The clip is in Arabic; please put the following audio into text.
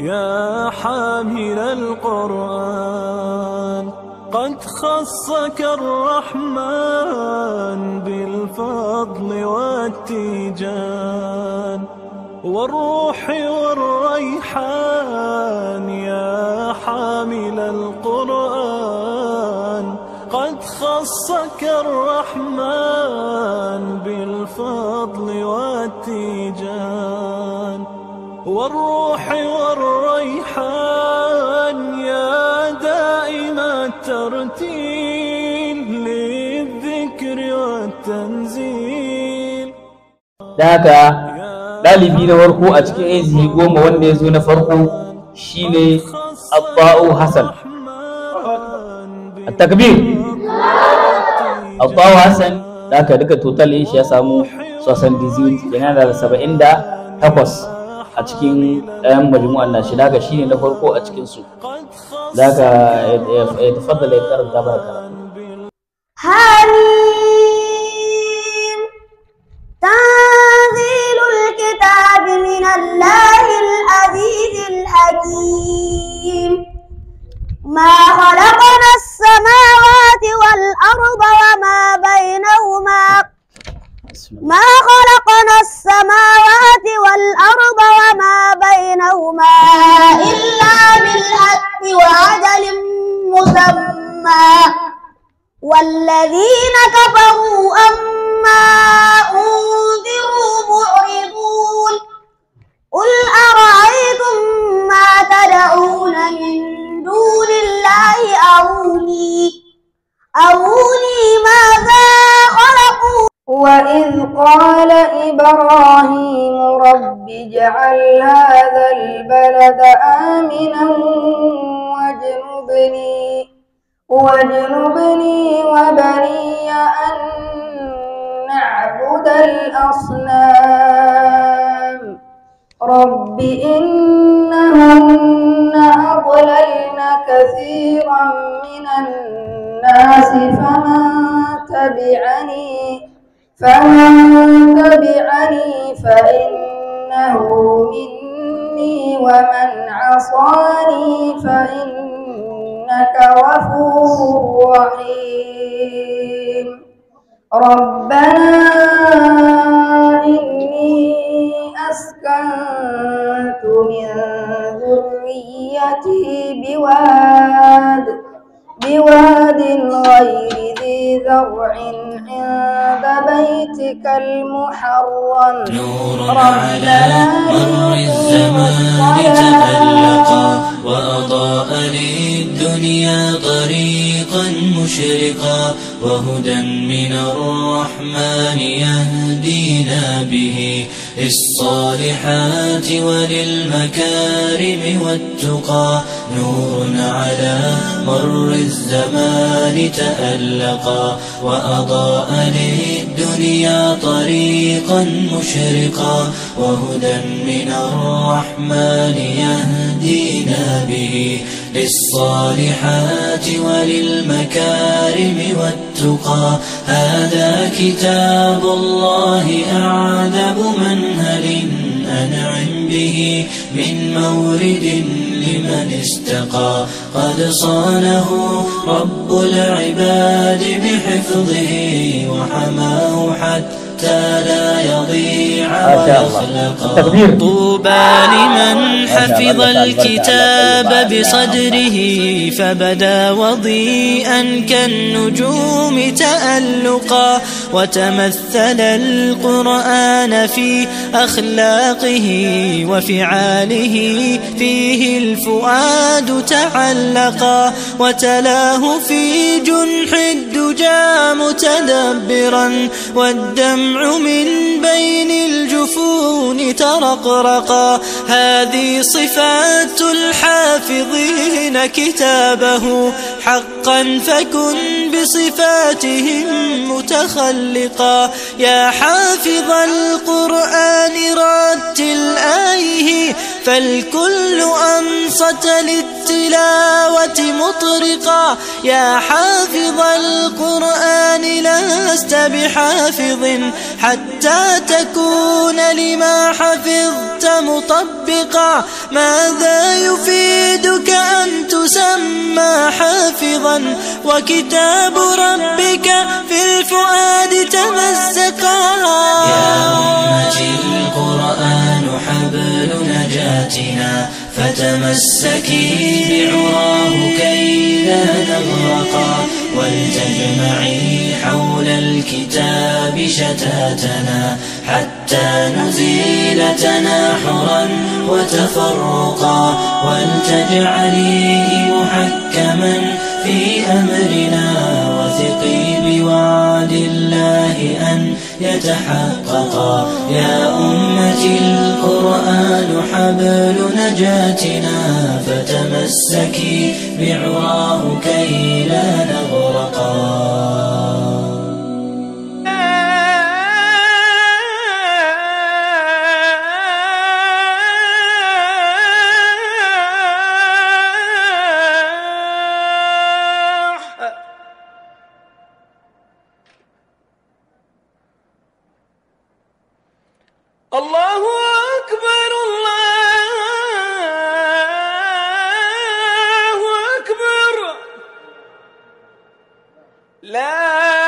يا حامل القرآن قد خصك الرحمن بالفضل والتيجان والروح والريحان يا حامل القرآن قد خصك الرحمن بالفضل والتيجان والروح والريحان da na farko a cikin azihi goma wanda ya zo na farko shine abba'u hasan takbir abba'u hasan da haka duka total ya samu da 78 a cikin ɗayan majmu'an nashi da haka shine na farko a da خلقنا السماوات والأرض وما بينهما إلا بالحق وأجل مسمى والذين كفروا وإذ قال إبراهيم رب اجعل هذا البلد آمنا واجنبني واجنبني وبني أن نعبد الأصنام رب إنهن أضللن كثيرا من الناس فمن تبعني فمن تبعني فإنه مني ومن عصاني فإنك غفور رحيم ربنا زرع عند بيتك المحرم نور على مر الزمان تألقا وأضاء للدنيا طريقا مشرقا وهدى من الرحمن يهدينا به للصالحات وللمكارم والتقى نور على مر الزمان تألقا وأضاء للدنيا طريقا مشرقا وهدى من الرحمن يهدينا به للصالحات وللمكارم والتقى هذا كتاب الله أعذب منهل أنعم به من مورد من استقى قد صانه رب العباد بحفظه وحماه حتى لا يضيع ويخلق طوبى لمن حفظ الكتاب بصدره فبدا وضيئا كالنجوم تألقا وتمثل القرآن في أخلاقه وفعاله فيه الفؤاد تعلقا وتلاه في جنح الدجى متدبرا والدمع من بين الجفون ترقرقا هذه صفات الحافظين كتابه حقا فكن بصفاتهم متخلقا يا حافظ القرآن راجعا فالكل أنصت للتلاوة مطرقا يا حافظ القرآن لست بحافظ حتى تكون لما حفظت مطبقا ماذا يفيدك أن تسمى حافظا وكتاب ربك السكين بعراه كي لا نغرقا ولتجمعي حول الكتاب شتاتنا حتى نزيل تناحرا وتفرقا ولتجعليه محكما في أمرنا وثقي بوعد الله أن يتحقق يا أمتي القرآن حبل نجاتنا فتمسكي بعراه كي لا نغرقا الله أكبر الله أكبر لا